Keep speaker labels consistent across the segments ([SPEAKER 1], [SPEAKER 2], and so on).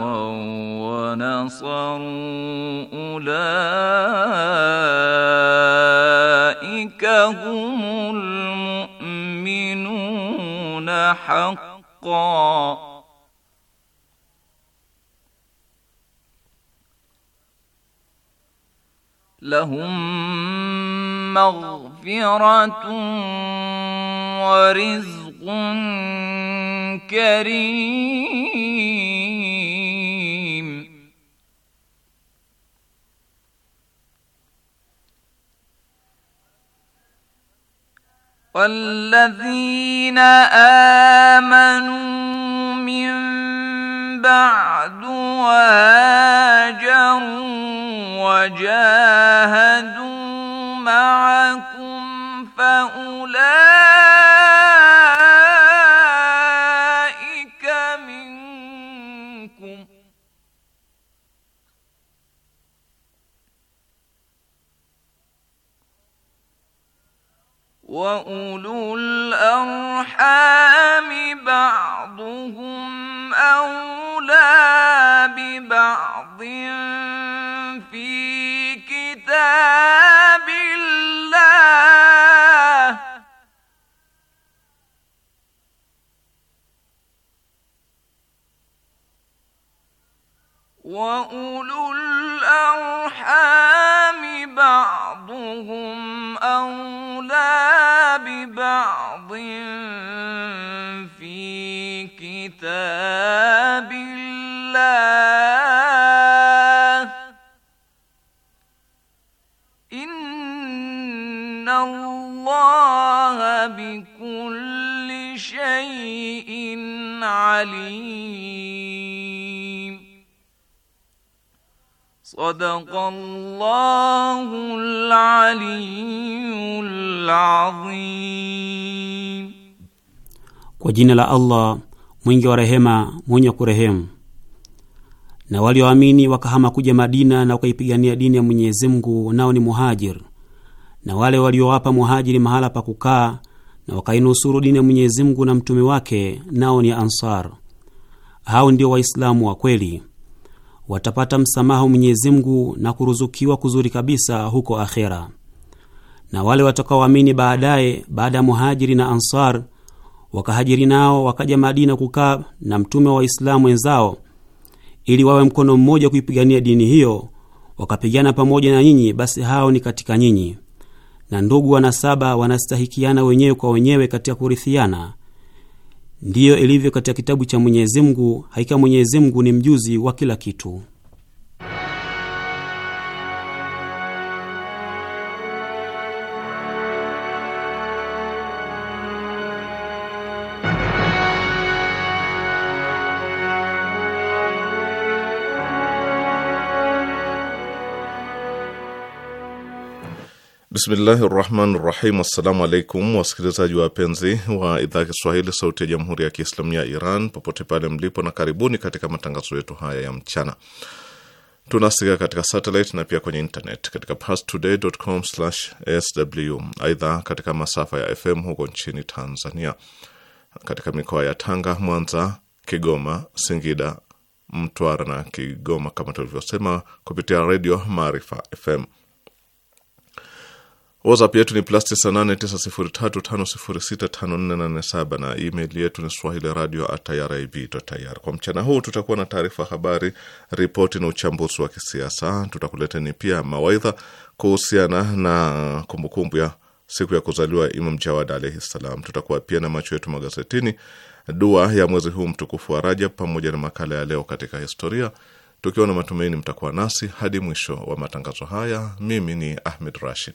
[SPEAKER 1] ونصروا أولئك هم المؤمنون حقا لهم مغفرة ورزق كريم والذين آمنوا من بعد وهاجروا وجاهدوا معكم فأولئك وأولو الأرحام بعضهم أولى ببعض في كتاب وأولو الأرحام بعضهم أولى ببعض في كتاب الله إن الله بكل شيء عليم Sadaqallahul Aliyyul
[SPEAKER 2] Azim. Kwa jina la Allah mwingi wa rehema mwenye kurehemu. Na walioamini wakahama kuja Madina na wakaipigania dini ya Mwenyezi Mungu, nao ni muhajir, na wale waliowapa muhajiri mahala pa kukaa na wakainusuru dini ya Mwenyezi Mungu na mtume wake, nao ni ansar. Hao ndio Waislamu wa kweli watapata msamaha Mwenyezi Mungu na kuruzukiwa kuzuri kabisa huko akhera. Na wale watakaoamini baadaye, baada ya Muhajiri na Ansar wakahajiri nao wakaja Madina kukaa na mtume wa Waislamu wenzao ili wawe mkono mmoja kuipigania dini hiyo, wakapigana pamoja na nyinyi, basi hao ni katika nyinyi, na ndugu wanasaba wanastahikiana wenyewe kwa wenyewe katika kurithiana Ndiyo ilivyo katika kitabu cha Mwenyezi Mungu, hakika Mwenyezi Mungu ni mjuzi wa kila kitu.
[SPEAKER 3] Bismillahi rahmani rahim. Assalamu alaikum wasikilizaji wapenzi wa idhaa ya Kiswahili sauti ya jamhuri ya Kiislamu ya Iran popote pale mlipo, na karibuni katika matangazo yetu haya ya mchana. Tunasikika katika satelit na pia kwenye internet katika pastodaycom sw Aidha, katika masafa ya FM huko nchini Tanzania, katika mikoa ya Tanga, Mwanza, Kigoma, Singida, Mtwara na Kigoma, kama tulivyosema, kupitia redio Maarifa FM. WhatsApp yetu ni plus 989035065487 na email yetu ni swahili radio irib.ir. Kwa mchana huu tutakuwa na taarifa habari, ripoti na uchambuzi wa kisiasa. Tutakuleteni pia mawaidha kuhusiana na kumbukumbu ya siku ya kuzaliwa Imam Jawad alaihi ssalam. Tutakuwa pia na macho yetu magazetini, dua ya mwezi huu mtukufu wa Rajab, pamoja na makala ya leo katika historia, tukiwa na matumaini mtakuwa nasi hadi mwisho wa matangazo haya. Mimi ni Ahmed Rashid.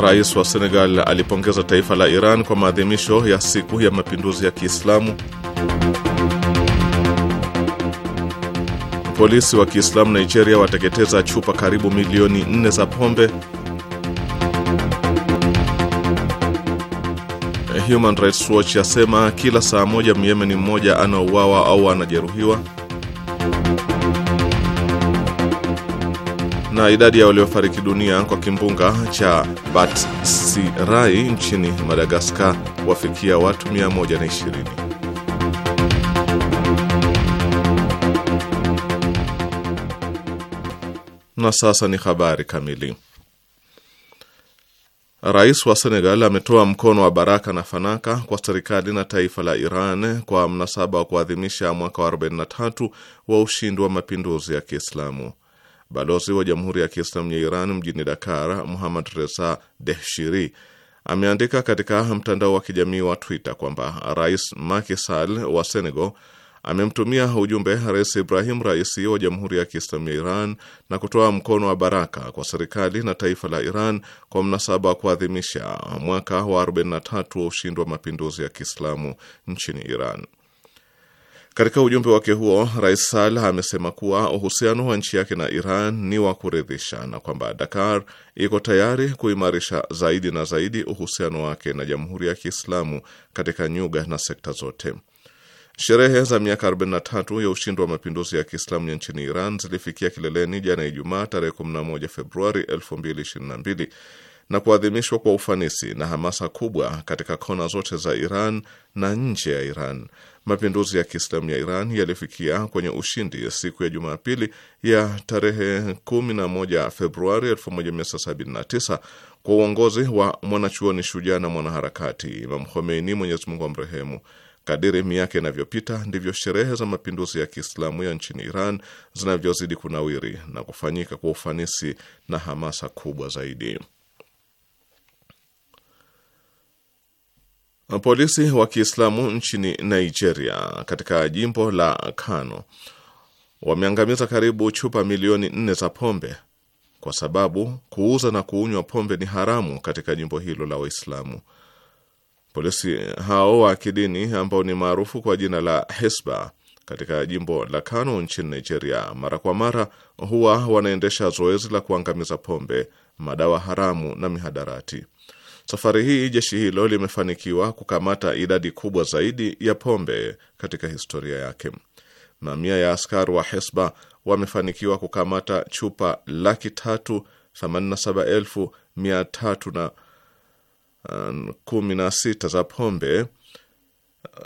[SPEAKER 3] Rais wa Senegal alipongeza taifa la Iran kwa maadhimisho ya siku ya mapinduzi ya Kiislamu. Polisi wa Kiislamu Nigeria wateketeza chupa karibu milioni nne za pombe. Human Rights Watch yasema kila saa moja Myemeni mmoja anauawa au anajeruhiwa. na idadi ya waliofariki dunia kwa kimbunga cha Batsirai nchini Madagaskar wafikia watu 120. Na sasa ni habari kamili. Rais wa Senegal ametoa mkono wa baraka na fanaka kwa serikali na taifa la Iran kwa mnasaba wa kuadhimisha mwaka wa 43 wa ushindi wa mapinduzi ya Kiislamu. Balozi wa Jamhuri ya Kiislamu ya Iran mjini Dakar, Muhammad Reza Dehshiri, ameandika katika mtandao wa kijamii wa Twitter kwamba Rais Macky Sall wa Senegal amemtumia ujumbe Rais Ibrahim Raisi wa Jamhuri ya Kiislamu ya Iran na kutoa mkono wa baraka kwa serikali na taifa la Iran kwa mnasaba wa kuadhimisha mwaka wa 43 wa ushindi wa mapinduzi ya Kiislamu nchini Iran. Katika ujumbe wake huo, Rais Saleh amesema kuwa uhusiano wa nchi yake na Iran ni wa kuridhisha na kwamba Dakar iko tayari kuimarisha zaidi na zaidi uhusiano wake na Jamhuri ya Kiislamu katika nyuga na sekta zote. Sherehe za miaka 43 ya ushindi wa mapinduzi ya Kiislamu ya nchini Iran zilifikia kileleni jana Ijumaa tarehe 11 Februari 2022 na kuadhimishwa kwa ufanisi na hamasa kubwa katika kona zote za Iran na nje ya Iran. Mapinduzi ya Kiislamu ya Iran yalifikia kwenye ushindi siku ya Jumapili ya tarehe 11 Februari 1979 kwa uongozi wa mwanachuoni shujaa na mwanaharakati Imam Khomeini, Mwenyezi Mungu amrehemu. Kadiri miaka inavyopita ndivyo sherehe za mapinduzi ya Kiislamu ya nchini Iran zinavyozidi kunawiri na kufanyika kwa ufanisi na hamasa kubwa zaidi. Polisi wa Kiislamu nchini Nigeria katika jimbo la Kano wameangamiza karibu chupa milioni nne za pombe kwa sababu kuuza na kuunywa pombe ni haramu katika jimbo hilo la Waislamu. Polisi hao wa kidini ambao ni maarufu kwa jina la Hisba katika jimbo la Kano nchini Nigeria, mara kwa mara huwa wanaendesha zoezi la kuangamiza pombe, madawa haramu na mihadarati. Safari hii jeshi hilo limefanikiwa kukamata idadi kubwa zaidi ya pombe katika historia yake. Mamia ya askari wa Hesba wamefanikiwa kukamata chupa laki tatu themanini na saba elfu mia tatu na uh, kumi na sita za pombe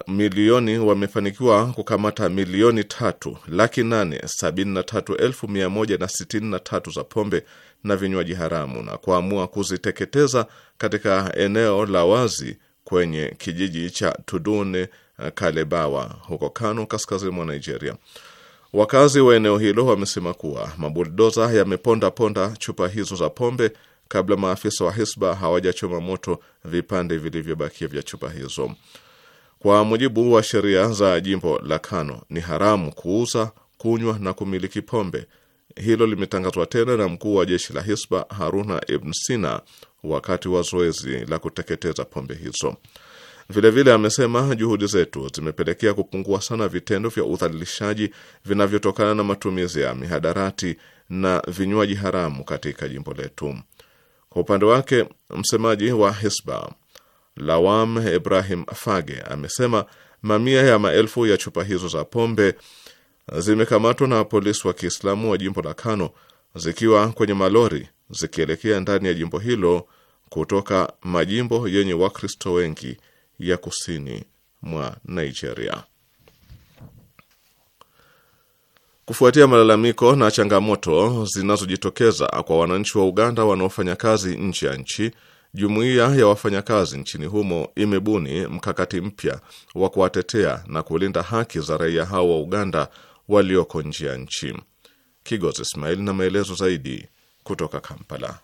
[SPEAKER 3] milioni wamefanikiwa kukamata milioni tatu laki nane sabini na tatu elfu mia moja na sitini na tatu za pombe na vinywaji haramu na kuamua kuziteketeza katika eneo la wazi kwenye kijiji cha tudune eh, Kalebawa huko Kano, kaskazini mwa Nigeria. Wakazi wa eneo hilo wamesema kuwa mabuldoza yameponda ponda chupa hizo za pombe kabla maafisa wa hisba hawajachoma moto vipande vilivyobakia vya chupa hizo. Kwa mujibu wa sheria za jimbo la Kano, ni haramu kuuza, kunywa na kumiliki pombe hilo limetangazwa tena na mkuu wa jeshi la Hisba Haruna Ibn Sina wakati wa zoezi la kuteketeza pombe hizo. Vilevile vile amesema juhudi zetu zimepelekea kupungua sana vitendo vya udhalilishaji vinavyotokana na matumizi ya mihadarati na vinywaji haramu katika jimbo letu. Kwa upande wake, msemaji wa Hisba Lawam Ibrahim Fage amesema mamia ya maelfu ya chupa hizo za pombe zimekamatwa na polisi wa Kiislamu wa jimbo la Kano zikiwa kwenye malori zikielekea ndani ya jimbo hilo kutoka majimbo yenye Wakristo wengi ya kusini mwa Nigeria. Kufuatia malalamiko na changamoto zinazojitokeza kwa wananchi wa Uganda wanaofanya kazi nje ya nchi, jumuiya ya wafanyakazi nchini humo imebuni mkakati mpya wa kuwatetea na kulinda haki za raia hao wa Uganda walioko nje ya nchi. Kigos Ismail na maelezo zaidi kutoka Kampala.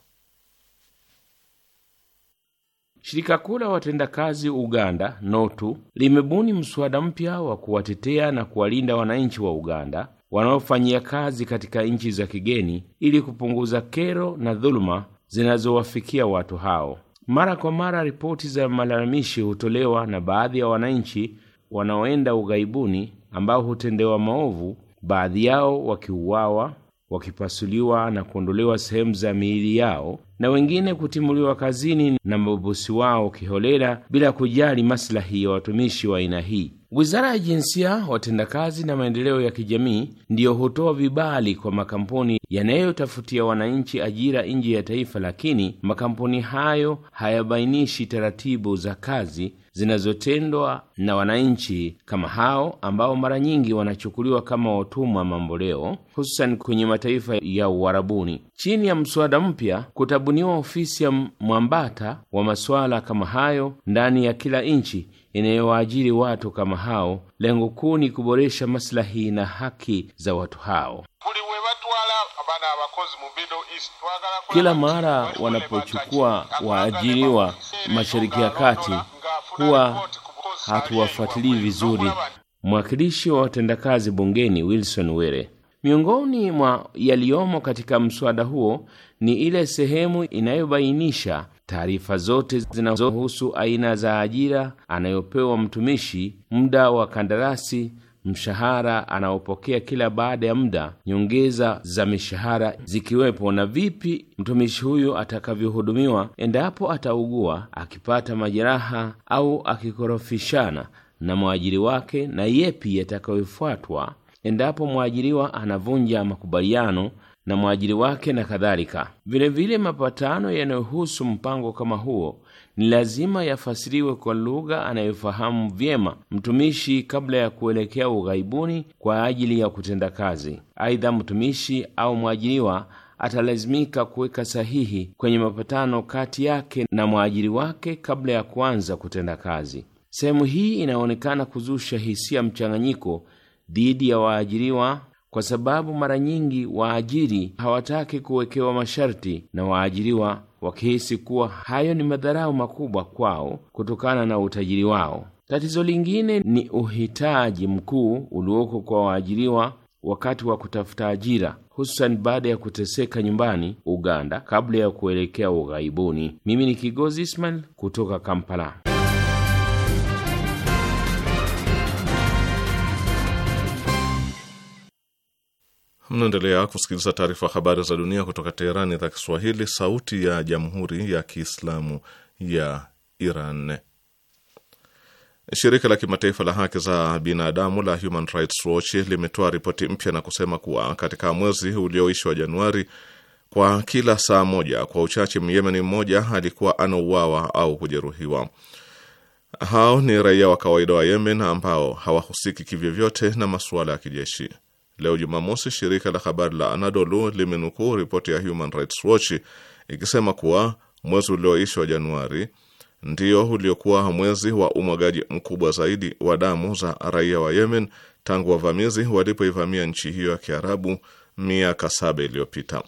[SPEAKER 4] Shirika kuu la watendakazi Uganda NOTU limebuni mswada mpya wa kuwatetea na kuwalinda wananchi wa Uganda wanaofanyia kazi katika nchi za kigeni ili kupunguza kero na dhuluma zinazowafikia watu hao. Mara kwa mara ripoti za malalamishi hutolewa na baadhi ya wananchi wanaoenda ughaibuni ambao hutendewa maovu, baadhi yao wakiuawa, wakipasuliwa na kuondolewa sehemu za miili yao, na wengine kutimuliwa kazini na mabosi wao kiholela bila kujali maslahi ya watumishi wa aina hii. Wizara ya Jinsia, Watendakazi na Maendeleo ya Kijamii ndiyo hutoa vibali kwa makampuni yanayotafutia wananchi ajira nje ya taifa, lakini makampuni hayo hayabainishi taratibu za kazi zinazotendwa na wananchi kama hao ambao mara nyingi wanachukuliwa kama watumwa mamboleo, hususan kwenye mataifa ya Uarabuni. Chini ya mswada mpya, kutabuniwa ofisi ya mwambata wa masuala kama hayo ndani ya kila nchi inayowaajiri watu kama hao. Lengo kuu ni kuboresha maslahi na haki za watu hao. Kila mara wanapochukua waajiriwa Mashariki ya Kati kuwa hatuwafuatilii vizuri. Mwakilishi wa watendakazi bungeni Wilson Were, miongoni mwa yaliyomo katika mswada huo ni ile sehemu inayobainisha taarifa zote zinazohusu aina za ajira anayopewa mtumishi, muda wa kandarasi mshahara anaopokea kila baada ya muda, nyongeza za mishahara zikiwepo, na vipi mtumishi huyu atakavyohudumiwa endapo ataugua, akipata majeraha au akikorofishana na mwajiri wake, na yepi yatakayofuatwa endapo mwajiriwa anavunja makubaliano na mwajiri wake na kadhalika. Vilevile, mapatano yanayohusu mpango kama huo ni lazima yafasiriwe kwa lugha anayofahamu vyema mtumishi kabla ya kuelekea ughaibuni kwa ajili ya kutenda kazi. Aidha, mtumishi au mwajiriwa atalazimika kuweka sahihi kwenye mapatano kati yake na mwajiri wake kabla ya kuanza kutenda kazi. Sehemu hii inaonekana kuzusha hisia mchanganyiko dhidi ya waajiriwa kwa sababu mara nyingi waajiri hawataki kuwekewa masharti na waajiriwa wakihisi kuwa hayo ni madharau makubwa kwao kutokana na utajiri wao. Tatizo lingine ni uhitaji mkuu ulioko kwa waajiriwa wakati wa kutafuta ajira hususan baada ya kuteseka nyumbani Uganda kabla ya kuelekea ughaibuni. Mimi ni Kigozi Ismail
[SPEAKER 3] kutoka Kampala. Mnaendelea kusikiliza taarifa habari za dunia kutoka Teherani za Kiswahili, sauti ya jamhuri ya kiislamu ya Iran. Shirika la kimataifa la haki za binadamu la Human Rights Watch limetoa ripoti mpya na kusema kuwa katika mwezi ulioishi wa Januari, kwa kila saa moja kwa uchache myemeni mmoja alikuwa anauawa au kujeruhiwa. Hao ni raia wa kawaida wa Yemen ambao hawahusiki kivyovyote na masuala ya kijeshi. Leo Jumamosi, shirika la habari la Anadolu limenukuu ripoti ya Human Rights Watch ikisema kuwa mwezi ulioishi wa Januari ndio uliokuwa mwezi wa umwagaji mkubwa zaidi wa damu za raia wa Yemen tangu wavamizi walipoivamia nchi hiyo ya Kiarabu miaka saba iliyopita.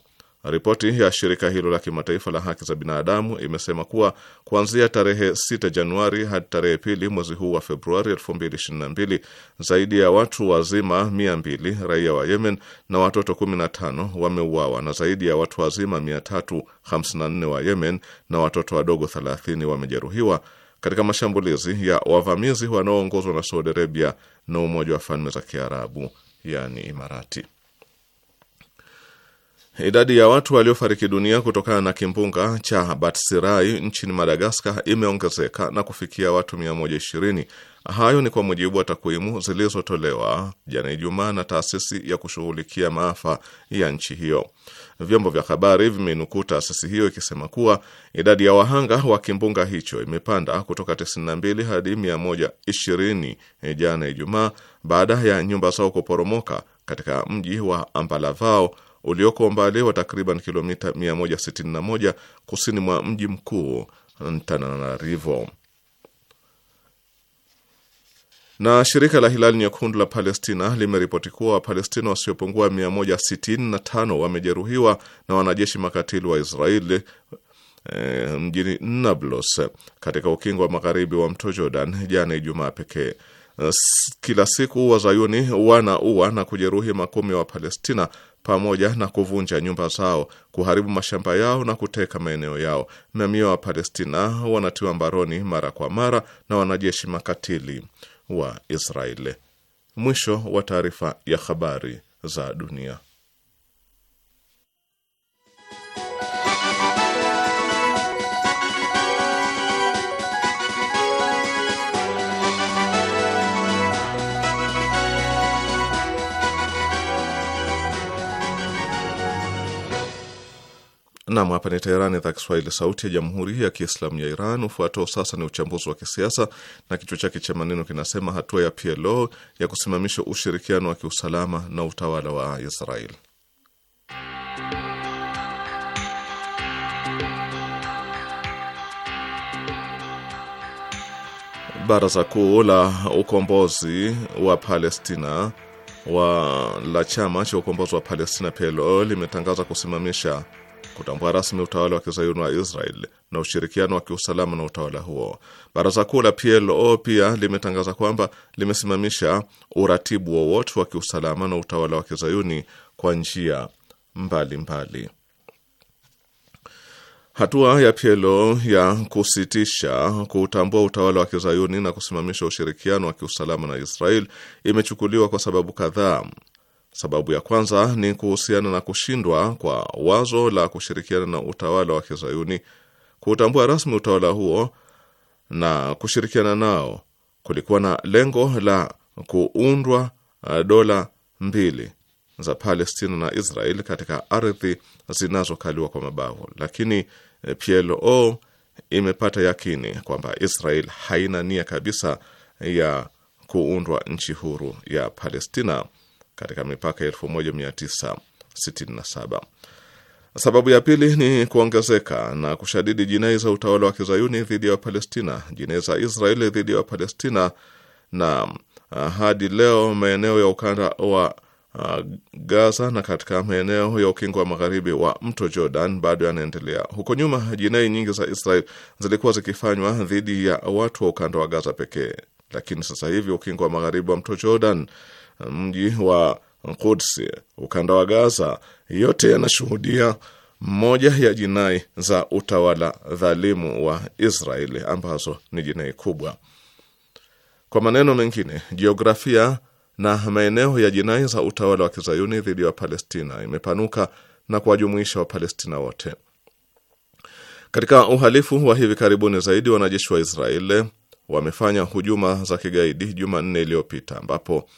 [SPEAKER 3] Ripoti ya shirika hilo la kimataifa la haki za binadamu imesema kuwa kuanzia tarehe 6 Januari hadi tarehe pili mwezi huu wa Februari 2022 zaidi ya watu wazima 200 raia wa Yemen na watoto 15 wameuawa na zaidi ya watu wazima 354 wa Yemen na watoto wadogo 30 wamejeruhiwa katika mashambulizi ya wavamizi wanaoongozwa na Saudi Arabia na Umoja wa Falme za Kiarabu, yani Imarati. Idadi ya watu waliofariki dunia kutokana na kimbunga cha Batsirai nchini Madagaskar imeongezeka na kufikia watu 120. Hayo ni kwa mujibu wa takwimu zilizotolewa jana Ijumaa na taasisi ya kushughulikia maafa ya nchi hiyo. Vyombo vya habari vimenukuu taasisi hiyo ikisema kuwa idadi ya wahanga wa kimbunga hicho imepanda kutoka 92 hadi 120 jana Ijumaa baada ya nyumba zao kuporomoka katika mji wa Ambalavao ulioko umbali wa takriban kilomita 161 kusini mwa mji mkuu Antananarivo. Na shirika la Hilali Nyekundu la Palestina limeripoti kuwa Wapalestina wasiopungua 165 wamejeruhiwa na wanajeshi makatili wa Israeli e, mjini Nablus katika ukingo wa magharibi wa mto Jordan jana Ijumaa pekee. Kila siku wazayuni wanaua na kujeruhi makumi wa palestina pamoja na kuvunja nyumba zao, kuharibu mashamba yao na kuteka maeneo yao. Mamia wa Palestina wanatiwa mbaroni mara kwa mara na wanajeshi makatili wa Israeli. Mwisho wa taarifa ya habari za dunia. Nam, hapa ni Teherani, idhaa Kiswahili, sauti ya jamhuri ya kiislamu ya Iran. Ufuatao sasa ni uchambuzi wa kisiasa na kichwa chake cha maneno kinasema hatua ya PLO ya kusimamisha ushirikiano wa kiusalama na utawala wa israel Baraza Kuu la Ukombozi wa Palestina wa la chama cha ukombozi wa Palestina PLO limetangaza kusimamisha kutambua rasmi utawala wa kizayuni wa Israel na ushirikiano wa kiusalama na utawala huo. Baraza kuu la PLO pia limetangaza kwamba limesimamisha uratibu wowote wa, wa kiusalama na utawala wa kizayuni kwa njia mbalimbali. Hatua ya PLO ya kusitisha kutambua utawala wa kizayuni na kusimamisha ushirikiano wa kiusalama na Israel imechukuliwa kwa sababu kadhaa Sababu ya kwanza ni kuhusiana na kushindwa kwa wazo la kushirikiana na utawala wa Kizayuni, kuutambua rasmi utawala huo na kushirikiana nao kulikuwa na lengo la kuundwa uh, dola mbili za Palestina na Israel katika ardhi zinazokaliwa kwa mabavu, lakini eh, PLO imepata yakini kwamba Israel haina nia kabisa ya kuundwa nchi huru ya Palestina katika mipaka 1967. Sababu ya pili ni kuongezeka na kushadidi jinai za utawala wa kizayuni dhidi ya Wapalestina, jinai za Israeli dhidi ya Wapalestina na ah, hadi leo maeneo ya ukanda wa uh, Gaza na katika maeneo ya ukingo wa magharibi wa mto Jordan bado yanaendelea. Huko nyuma jinai nyingi za Israel zilikuwa zikifanywa dhidi ya watu wa ukanda wa Gaza pekee, lakini sasa hivi ukingo wa magharibi wa mto Jordan mji wa Quds, ukanda wa Gaza, yote yanashuhudia moja ya jinai za utawala dhalimu wa Israeli ambazo ni jinai kubwa. Kwa maneno mengine, jiografia na maeneo ya jinai za utawala wa kizayuni dhidi ya Wapalestina imepanuka na kuwajumuisha Wapalestina wote. Katika uhalifu wa hivi karibuni zaidi, wanajeshi wa Israeli wamefanya hujuma za kigaidi Jumanne iliyopita ambapo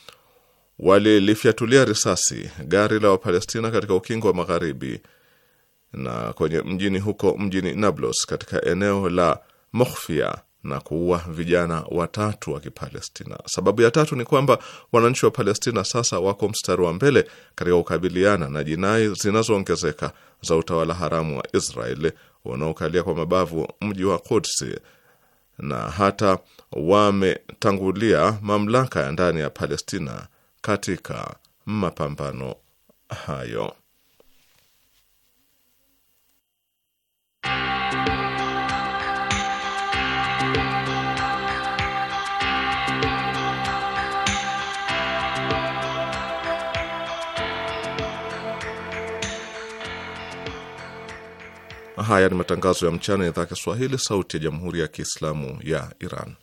[SPEAKER 3] walilifyatulia risasi gari la Wapalestina katika ukingo wa magharibi na kwenye mjini huko mjini Nablus katika eneo la Mohfia na kuua vijana watatu wa Kipalestina. Sababu ya tatu ni kwamba wananchi wa Palestina sasa wako mstari wa mbele katika kukabiliana na jinai zinazoongezeka za utawala haramu wa Israeli unaokalia kwa mabavu mji wa Kudsi na hata wametangulia mamlaka ya ndani ya Palestina katika mapambano hayo. Haya ni matangazo ya mchana ya idhaa ya Kiswahili, sauti ya jamhuri ya kiislamu ya Iran.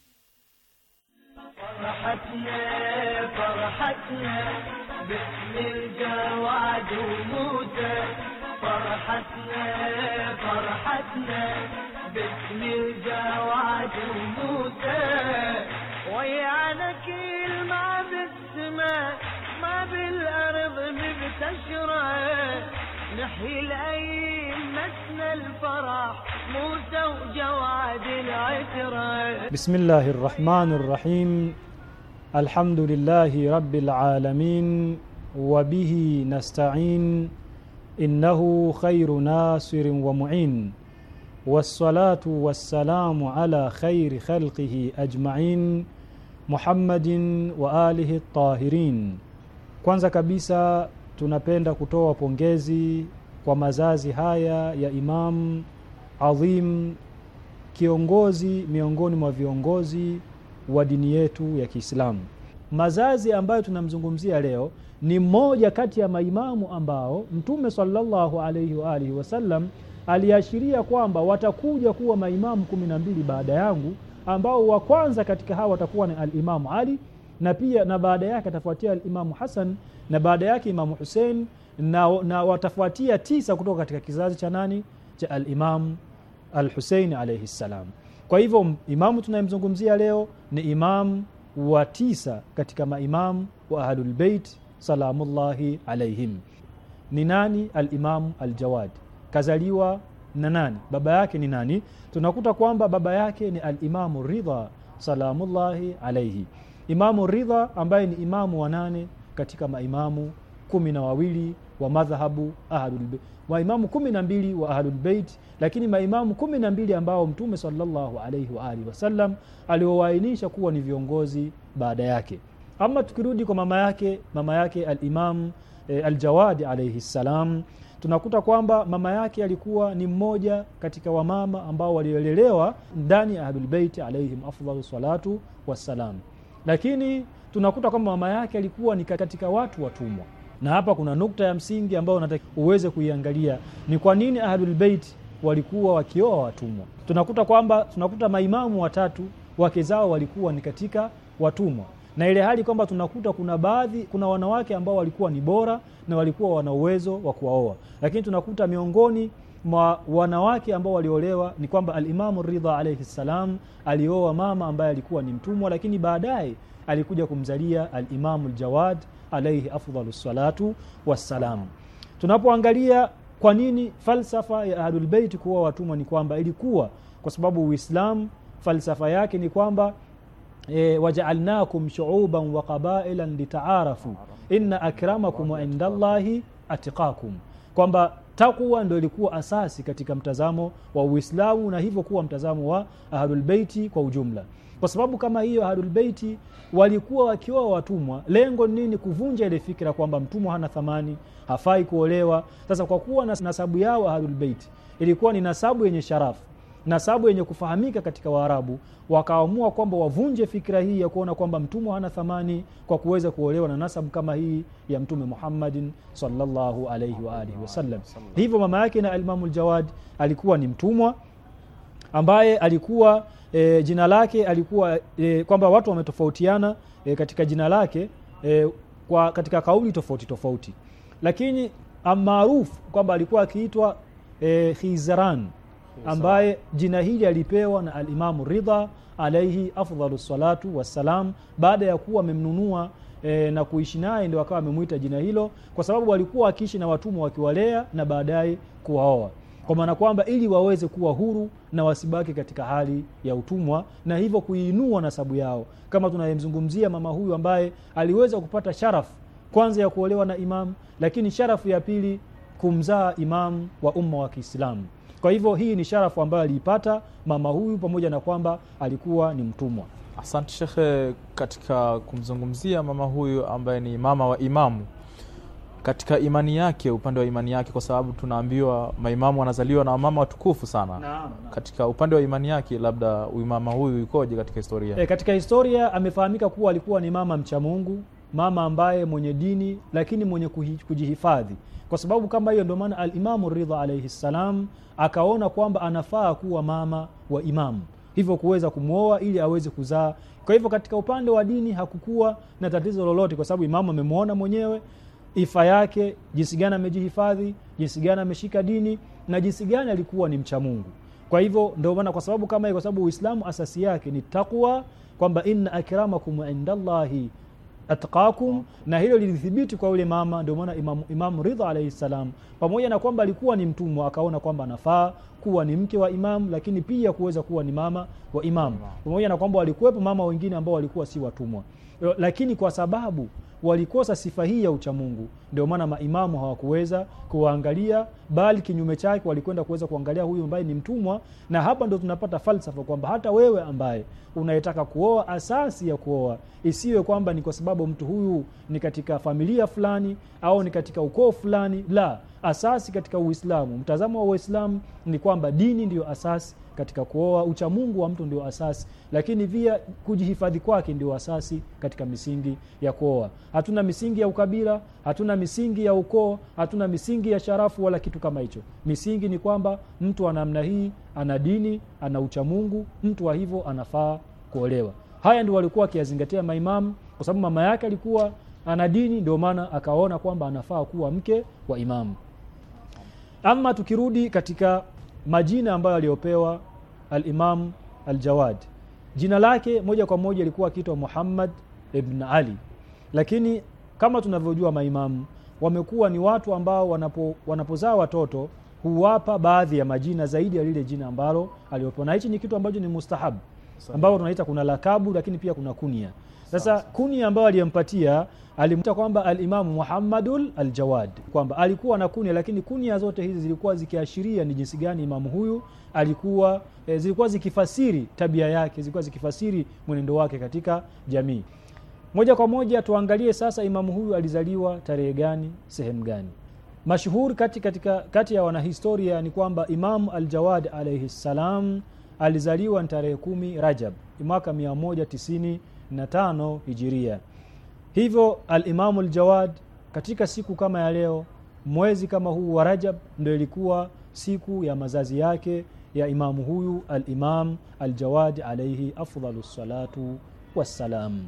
[SPEAKER 5] فرحتنا باسم الجواد وموته فرحتنا فرحتنا باسم الجواد وموته ويانا كل ما بالسماء ما بالارض مبتشره نحيي لأئمتنا الفرح موسى وجواد العترة
[SPEAKER 6] بسم الله الرحمن الرحيم الحمد لله رب العالمين وبه نستعين إنه خير ناصر ومعين والصلاة والسلام على خير خلقه أجمعين محمد وآله الطاهرين Kwanza kabisa tunapenda kutoa pongezi kwa mazazi haya ya Imam Adhim, kiongozi miongoni mwa viongozi wa dini yetu ya Kiislamu. Mazazi ambayo tunamzungumzia leo ni mmoja kati ya maimamu ambao Mtume sallallahu alaihi wa alihi wasallam aliashiria kwamba watakuja kuwa maimamu kumi na mbili baada yangu, ambao wa kwanza katika hawa watakuwa ni alimamu Ali na pia na baada yake atafuatia alimamu Hasan na baada yake imamu Husein na, na watafuatia tisa kutoka katika kizazi cha nani cha alimamu Alhusein alaihi ssalam. Kwa hivyo imamu tunayemzungumzia leo ni imamu wa tisa katika maimamu wa Ahlulbeit salamullahi alaihim. Ni nani? Alimamu Aljawad. Kazaliwa na nani? Baba yake ni nani? Tunakuta kwamba baba yake ni Alimamu Ridha salamullahi alaihi. Imamu Ridha ambaye ni imamu wa nane katika maimamu kumi na wawili wa madhhabu ahlulbeit maimamu kumi na mbili wa ahlulbeiti lakini maimamu kumi na mbili ambao mtume salllahu alaihi waalihi wasallam aliowainisha kuwa ni viongozi baada yake ama tukirudi kwa mama yake mama yake alimamu e, eh, aljawadi alaihi ssalam tunakuta kwamba mama yake alikuwa ni mmoja katika wamama ambao waliolelewa ndani ya ahlulbeiti alaihim afdalu salatu wassalam lakini tunakuta kwamba mama yake alikuwa ni katika watu watumwa na hapa kuna nukta ya msingi ambayo unataka uweze kuiangalia, ni kwa nini Ahlul Bait walikuwa wakioa watumwa. Tunakuta kwamba tunakuta maimamu watatu wake zao walikuwa ni katika watumwa, na ile hali kwamba tunakuta kuna baadhi, kuna wanawake ambao walikuwa ni bora na walikuwa wana uwezo wa kuwaoa, lakini tunakuta miongoni mwa wanawake ambao waliolewa ni kwamba Alimamu Ridha alaihi ssalam alioa mama ambaye alikuwa ni mtumwa, lakini baadaye alikuja kumzalia Alimamu Ljawad alaihi afdhalu salatu wassalam tunapoangalia kwa nini falsafa ya ahlulbeiti kuwa watumwa ni kwamba ilikuwa kwa sababu uislam falsafa yake ni kwamba e, wajaalnakum shuuban wa qabailan litaarafu inna akramakum indallahi atiqakum kwamba takuwa ndo ilikuwa asasi katika mtazamo wa uislamu na hivyo kuwa mtazamo wa ahlulbeiti kwa ujumla kwa sababu kama hiyo ahlulbeiti walikuwa wakioa watumwa lengo nini kuvunja ile fikira kwamba mtumwa hana thamani hafai kuolewa sasa kwa kuwa nasabu yao ahlulbeiti ilikuwa ni nasabu yenye sharafu nasabu yenye kufahamika katika waarabu wakaamua kwamba wavunje fikira hii ya kuona kwamba mtumwa hana thamani kwa kuweza kuolewa na nasabu kama hii ya mtume muhammadin salllahu alaihi waalihi wasallam hivyo mama yake na alimamu ljawad alikuwa ni mtumwa ambaye alikuwa e, jina lake alikuwa e, kwamba watu wametofautiana e, katika jina lake e, kwa katika kauli tofauti tofauti lakini maarufu kwamba alikuwa akiitwa e, khizran ambaye jina hili alipewa na alimamu ridha alaihi afdhalu salatu wassalam baada ya kuwa amemnunua e, na kuishi naye ndio akawa amemwita jina hilo kwa sababu walikuwa wakiishi na watumwa wakiwalea na baadaye kuwaoa kwa maana kwamba ili waweze kuwa huru na wasibaki katika hali ya utumwa na hivyo kuiinua nasabu yao kama tunayemzungumzia mama huyu ambaye aliweza kupata sharafu kwanza ya kuolewa na imamu lakini sharafu ya pili kumzaa imamu wa umma wa kiislamu kwa hivyo hii ni sharafu ambayo aliipata mama huyu, pamoja na kwamba alikuwa ni mtumwa. Asante Shekhe, katika kumzungumzia mama huyu ambaye ni mama wa imamu katika imani yake, upande wa imani yake, kwa sababu tunaambiwa maimamu wanazaliwa na wamama watukufu sana na, na. Katika upande wa imani yake, labda mama huyu ikoje katika historia? E, katika historia amefahamika kuwa alikuwa ni mama mcha Mungu, mama ambaye mwenye dini, lakini mwenye kujihifadhi kwa sababu kama hiyo ndio maana alimamu ridha alaihi ssalam akaona kwamba anafaa kuwa mama wa imamu hivyo kuweza kumwoa ili aweze kuzaa kwa hivyo katika upande wa dini hakukuwa na tatizo lolote kwa sababu imamu amemwona mwenyewe ifa yake jinsi gani amejihifadhi jinsi gani ameshika dini na jinsi gani alikuwa ni mcha mungu kwa hivyo ndio maana kwa sababu kama kwa sababu uislamu asasi yake ni takwa kwamba inna akramakum indallahi atqakum, na hilo lilithibiti kwa yule mama. Ndio maana Imamu imamu Ridha alaihi salam, pamoja na kwamba alikuwa ni mtumwa, akaona kwamba anafaa kuwa ni mke wa imamu, lakini pia kuweza kuwa ni mama wa imamu, pamoja na kwamba walikuwepo mama wengine ambao walikuwa si watumwa, lakini kwa sababu walikosa sifa hii ya uchamungu ndio maana maimamu hawakuweza kuwaangalia bali kinyume chake walikwenda kuweza kuangalia huyu ambaye ni mtumwa na hapa ndo tunapata falsafa kwamba hata wewe ambaye unayetaka kuoa asasi ya kuoa isiwe kwamba ni kwa sababu mtu huyu ni katika familia fulani au ni katika ukoo fulani la asasi katika uislamu mtazamo wa uislamu ni kwamba dini ndiyo asasi katika kuoa uchamungu wa mtu ndio asasi lakini pia kujihifadhi kwake ndio asasi katika misingi ya kuoa hatuna misingi ya ukabila hatuna misingi ya ukoo hatuna misingi ya sharafu wala kitu kama hicho misingi ni kwamba mtu wa namna hii ana dini ana mungu mtu wa hivyo anafaa kuolewa haya ndio walikuwa akiyazingatia maimamu kwa sababu mama yake alikuwa ana dini ndio maana akaona kwamba anafaa kuwa mke wa imamu ama tukirudi katika majina ambayo aliyopewa alimam aljawad Jina lake moja kwa moja ilikuwa akiitwa Muhammad ibn Ali. Lakini kama tunavyojua maimamu wamekuwa ni watu ambao wanapo, wanapozaa watoto huwapa baadhi ya majina zaidi ya lile jina ambalo aliopewa, na hichi ni kitu ambacho ni mustahabu ambao tunaita kuna lakabu, lakini pia kuna kunia. Sasa kuni ambayo aliyempatia alimta kwamba alimamu Muhammadul Aljawad, kwamba alikuwa na kunia, lakini kunia zote hizi zilikuwa zikiashiria ni jinsi gani imamu huyu alikuwa e, zilikuwa zikifasiri tabia yake, zilikuwa zikifasiri mwenendo wake katika jamii. Moja kwa moja tuangalie sasa, imamu huyu alizaliwa tarehe gani, sehemu gani? Mashuhuri kati, katika, kati ya wanahistoria ni kwamba imamu Aljawad alaihi ssalam alizaliwa ni tarehe kumi Rajab mwaka 25 hijiria hivyo al ljawad al-Jawad katika siku kama ya leo mwezi kama huu wa Rajab ndio ilikuwa siku ya mazazi yake ya imamu huyu al-Imam al-Jawad alayhi afdalu salatu wassalam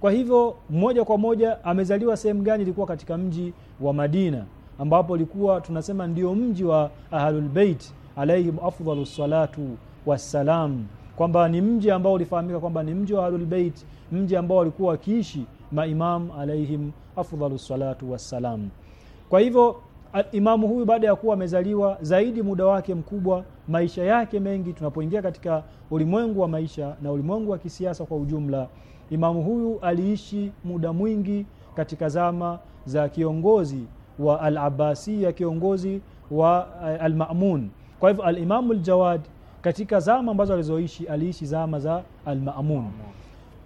[SPEAKER 6] kwa hivyo moja kwa moja amezaliwa sehemu gani ilikuwa katika mji wa Madina ambapo ilikuwa tunasema ndio mji wa Ahlul Bait alayhim afdalu salatu wassalam kwamba ni mji ambao ulifahamika kwamba ni mji wa Ahlul Bait mji ambao walikuwa wakiishi maimam alaihim afdalu salatu wassalam kwa hivyo imamu huyu baada ya kuwa amezaliwa zaidi muda wake mkubwa maisha yake mengi tunapoingia katika ulimwengu wa maisha na ulimwengu wa kisiasa kwa ujumla imamu huyu aliishi muda mwingi katika zama za kiongozi wa al-Abbasiya kiongozi wa eh, almamun kwa hivyo alimamu ljawad katika zama ambazo alizoishi aliishi zama za almamun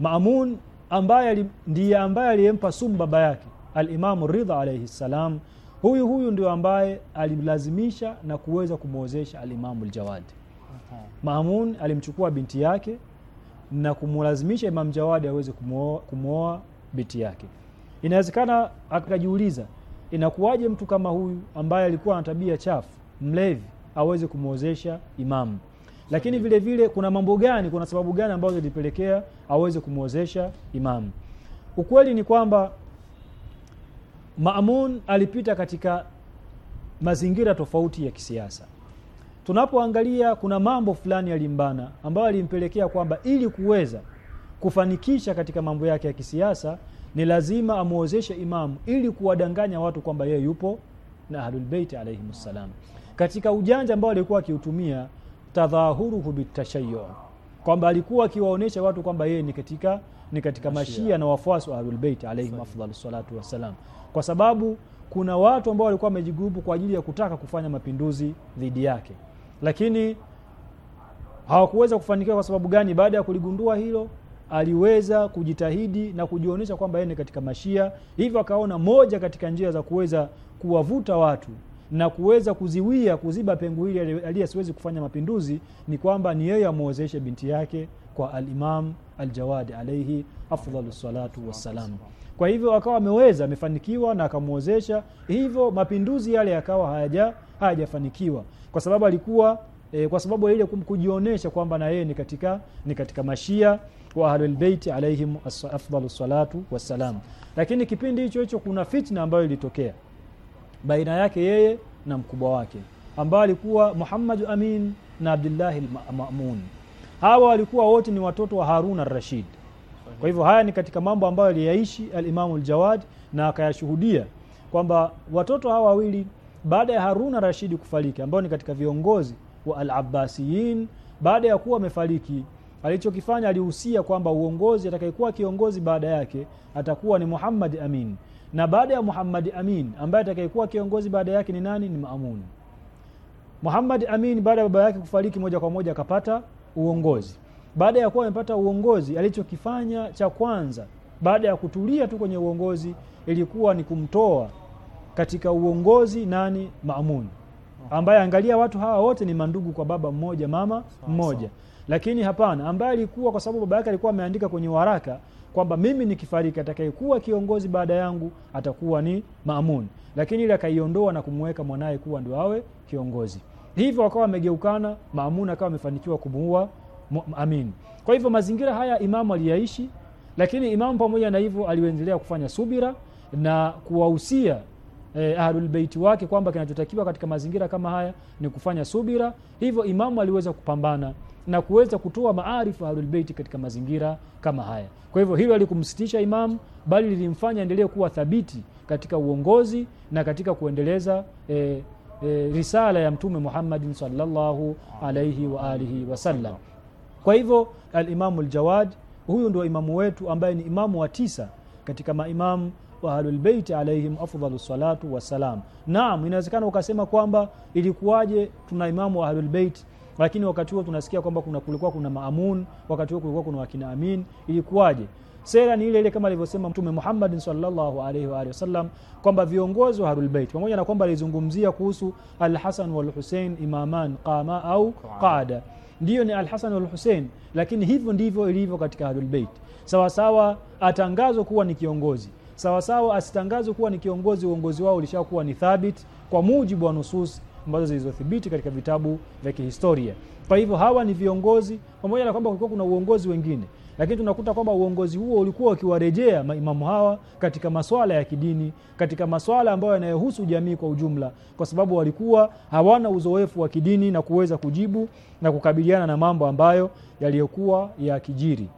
[SPEAKER 6] Maamun ambaye ndiye ambaye aliyempa sumu baba yake alimamu Ridha alaihi ssalam. Huyu huyu ndio ambaye alimlazimisha na kuweza kumwozesha alimamu Ljawadi. Okay. Maamun alimchukua binti yake na kumlazimisha Imam Jawadi aweze kumwoa binti yake. Inawezekana akajiuliza inakuwaje mtu kama huyu ambaye alikuwa na tabia chafu, mlevi, aweze kumwozesha imamu lakini vile vile kuna mambo gani, kuna sababu gani ambazo zilipelekea aweze kumwozesha imamu. Ukweli ni kwamba Maamun alipita katika mazingira tofauti ya kisiasa. Tunapoangalia kuna mambo fulani yalimbana ambayo alimpelekea kwamba ili kuweza kufanikisha katika mambo yake ya kisiasa ni lazima amwozeshe imamu ili kuwadanganya watu kwamba yeye yupo na Ahlulbeiti alaihimssalam. Katika ujanja ambao alikuwa akiutumia tadhahuruhu bitashayu kwamba alikuwa akiwaonesha watu kwamba yeye ni katika ni katika mashia, mashia na wafuasi wa Ahlul Bait alayhim afdhalus salatu wassalam, kwa sababu kuna watu ambao walikuwa wamejigrupu kwa ajili ya kutaka kufanya mapinduzi dhidi yake, lakini hawakuweza kufanikiwa. Kwa sababu gani? Baada ya kuligundua hilo, aliweza kujitahidi na kujionyesha kwamba yeye ni katika mashia, hivyo akaona moja katika njia za kuweza kuwavuta watu na kuweza kuziwia kuziba pengo hili asiwezi kufanya mapinduzi ni kwamba ni yeye amwezeshe binti yake kwa alimam aljawadi alaihi afdhalu wassalam kwa hivyo akawa ameweza amefanikiwa na akamwozesha hivyo mapinduzi yale yakawa hayaja hayajafanikiwa kwa sababu alikuwa e, kwa sababu ile kujionyesha kwamba na yeye ni katika ni katika mashia wa ahlulbeiti alaihim afdalu wassalam lakini kipindi hicho hicho kuna fitna ambayo ilitokea baina yake yeye na mkubwa wake ambao alikuwa Muhammad Amin na Abdullah al-Ma'mun hawa walikuwa wote ni watoto wa Harun ar-Rashid kwa hivyo haya ni katika mambo ambayo aliyaishi al-Imam al-Jawad na akayashuhudia kwamba watoto hawa wawili baada ya Harun ar-Rashid kufariki ambao ni katika viongozi wa al-Abbasiyin baada ya kuwa amefariki alichokifanya alihusia kwamba uongozi atakayekuwa kiongozi baada yake atakuwa ni Muhammad Amin na baada ya Muhammad Amin ambaye atakayekuwa kiongozi baada yake ni nani ni Maamun Muhammad Amin baada ya baba yake kufariki moja kwa moja akapata uongozi baada ya kuwa amepata uongozi alichokifanya cha kwanza baada ya kutulia tu kwenye uongozi ilikuwa ni kumtoa katika uongozi nani Maamun ambaye angalia watu hawa wote ni mandugu kwa baba mmoja mama mmoja lakini hapana ambaye alikuwa kwa sababu baba yake alikuwa ameandika kwenye waraka kwamba mimi nikifariki atakayekuwa kiongozi baada yangu atakuwa ni Maamun, lakini ile akaiondoa na kumweka mwanaye kuwa ndio awe kiongozi. Hivyo wakawa wamegeukana, Maamun akawa amefanikiwa kumuua Amin. Kwa hivyo mazingira haya Imamu aliyaishi, lakini Imamu pamoja na hivyo aliendelea kufanya subira na kuwahusia eh, ahlulbeiti wake kwamba kinachotakiwa katika mazingira kama haya ni kufanya subira. Hivyo Imamu aliweza kupambana na kuweza kutoa maarifa ahlulbeiti katika mazingira kama haya kwa hivyo hilo alikumsitisha imamu bali lilimfanya endelee kuwa thabiti katika uongozi na katika kuendeleza e, e, risala ya mtume muhammadin salllahu alaihi waalihi wasallam kwa hivyo alimamu ljawad huyu ndio imamu wetu ambaye ni imamu wa tisa katika maimamu wa ahlulbeiti alaihim afdhalu salatu wassalam naam inawezekana ukasema kwamba ilikuwaje tuna imamu wa ahlulbeiti lakini wakati huo tunasikia kwamba kuna kulikuwa kuna maamun wakati huo kulikuwa kuna wakina amin ilikuwaje sera ni ile ile kama alivyosema mtume Muhammad sallallahu alaihi wa alihi wasallam kwamba viongozi wa Ahlul Bait pamoja na kwamba alizungumzia kuhusu Al-Hasan wal Hussein imaman qama au qada ndiyo ni Al-Hasan wal Hussein lakini hivyo ndivyo ilivyo katika Ahlul Bait sawa sawa atangazwe kuwa ni kiongozi sawa sawa asitangazwe kuwa ni kiongozi uongozi wao ulishakuwa ni thabit kwa mujibu wa nusus ambazo zilizothibiti katika vitabu vya kihistoria. Kwa hivyo hawa ni viongozi, pamoja na kwamba kulikuwa kuna uongozi wengine, lakini tunakuta kwamba uongozi huo ulikuwa ukiwarejea maimamu hawa katika maswala ya kidini, katika maswala ambayo yanayohusu jamii kwa ujumla, kwa sababu walikuwa hawana uzoefu wa kidini na kuweza kujibu na kukabiliana na mambo ambayo yaliyokuwa ya kijiri.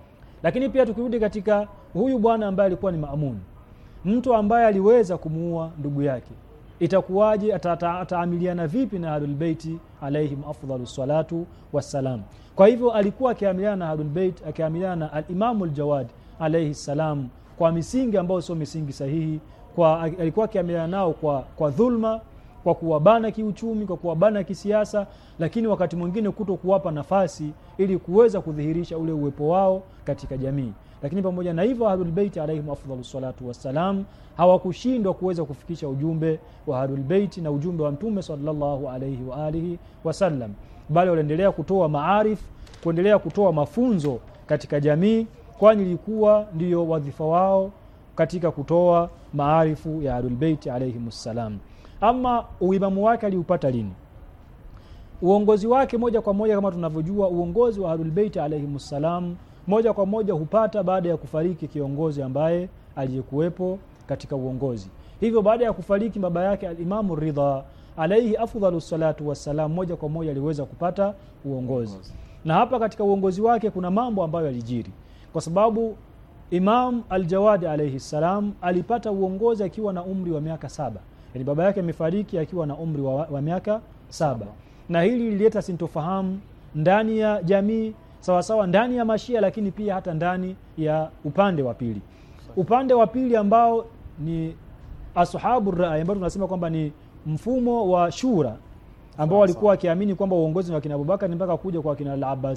[SPEAKER 6] Lakini pia tukirudi katika huyu bwana ambaye alikuwa ni maamuni mtu ambaye aliweza kumuua ndugu yake itakuwaje ataamiliana vipi na ahlulbeiti alaihim afdalu salatu wassalam kwa hivyo alikuwa akiamiliana na ahlulbeit akiamiliana na alimamu ljawad alaihi ssalam kwa misingi ambayo sio misingi sahihi kwa alikuwa akiamiliana nao kwa, kwa dhulma kwa kuwabana kiuchumi kwa kuwabana kisiasa lakini wakati mwingine kuto kuwapa nafasi ili kuweza kudhihirisha ule uwepo wao katika jamii lakini pamoja na hivyo ahlulbeiti alaihim afdhalu salatu wassalam hawakushindwa kuweza kufikisha ujumbe wa ahlulbeiti na ujumbe wa mtume salllahu alaihi waalihi wasallam bali waliendelea kutoa maarif kuendelea kutoa mafunzo katika jamii kwani ilikuwa ndiyo wadhifa wao katika kutoa maarifu ya ahlulbeiti alaihim ssalam ama uimamu wake aliupata lini uongozi wake moja kwa moja kama tunavyojua uongozi wa ahlulbeiti alaihim ssalam moja kwa moja hupata baada ya kufariki kiongozi ambaye aliyekuwepo katika uongozi hivyo baada ya kufariki baba yake alimamu ridha alaihi afdhalu salatu wassalam moja kwa moja aliweza kupata uongozi na hapa katika uongozi wake kuna mambo ambayo alijiri kwa sababu imam aljawadi alaihi salam alipata uongozi akiwa na umri wa miaka saba yani baba yake amefariki akiwa na umri wa, wa miaka saba na hili lilileta sintofahamu ndani ya jamii sawa sawa ndani ya mashia lakini pia hata ndani ya upande wa pili upande wa pili ambao ni ashabu rai ambao tunasema kwamba ni mfumo wa shura ambao walikuwa wakiamini kwamba uongozi wa kina Abubakar ni mpaka kuja kwa kina al